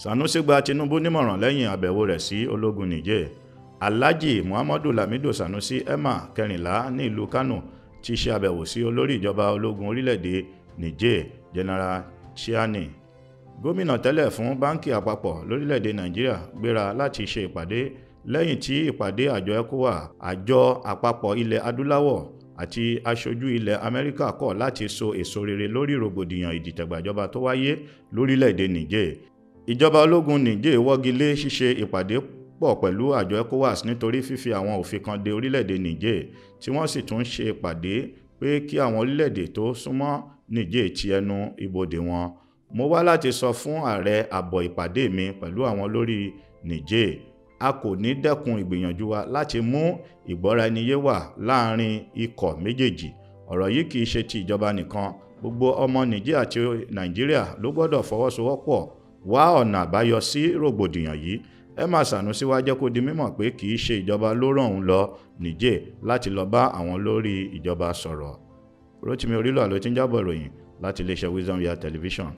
Sanusi gba Tinubu nímọ̀ràn lẹ́yìn àbẹ̀wò rẹ̀ sí ológun Niger Alhaji Muhammadu Lamido Sanusi emma kẹrìnlá ní ìlú Kano ti ṣe àbẹ̀wò sí olórí ìjọba ológun orílẹ̀-èdè Niger General Chiani gómìnà tẹ́lẹ̀ fún báńkì àpapọ̀ lórílẹ̀-èdè Nàìjíríà gbéra láti ṣe ìpàdé lẹ́yìn tí ìpàdé àjọ ECOWAS àjọ àpapọ̀ ilẹ̀ adúláwọ̀ àti aṣojú ilẹ̀ Amẹ́ríkà kọ̀ láti so èso rere lórí rògbòdìyàn ìdìtẹ̀gbàjọba tó wáyé lórílẹ̀-èdè Niger ìjọba ológun niger wọ́gi lé ṣíṣe ìpàdé pọ̀ pẹ̀lú àjọ ecowas nítorí fífi àwọn òfin kan de orílẹ̀-èdè niger tí wọ́n sì tún ṣe ìpàdé pé kí àwọn orílẹ̀-èdè tó súnmọ́ niger ti ẹnu ibodè wọn mo wá láti sọ fún ààrẹ àbọ̀ ìpàdé mi pẹ̀lú àwọn lórí niger a kò ní dẹ́kun ìgbìyànjú wa láti mú ìgbọ́ra-ẹniyé wà láàrin ikọ̀ méjèèjì ọ̀rọ̀ yìí kì í ṣe ti ìjọba nìkan gbogbo ọmọ niger àti nàìjíríà ló gbọ́dọ̀ fọwọ́sowọ́pọ̀ wá ọ̀nà àbáyọ sí rògbòdìyàn yìí Emma Sanusi wá jẹ́ kó di mímọ̀ pé kì í ṣe ìjọba ló rán òun lọ Niger láti lọ bá àwọn lórí ìjọba sọ̀rọ̀ Rotimi Orílọ̀ ló ti ń jábọ̀ ròyìn láti iléeṣẹ́ Wisdom Yard Television.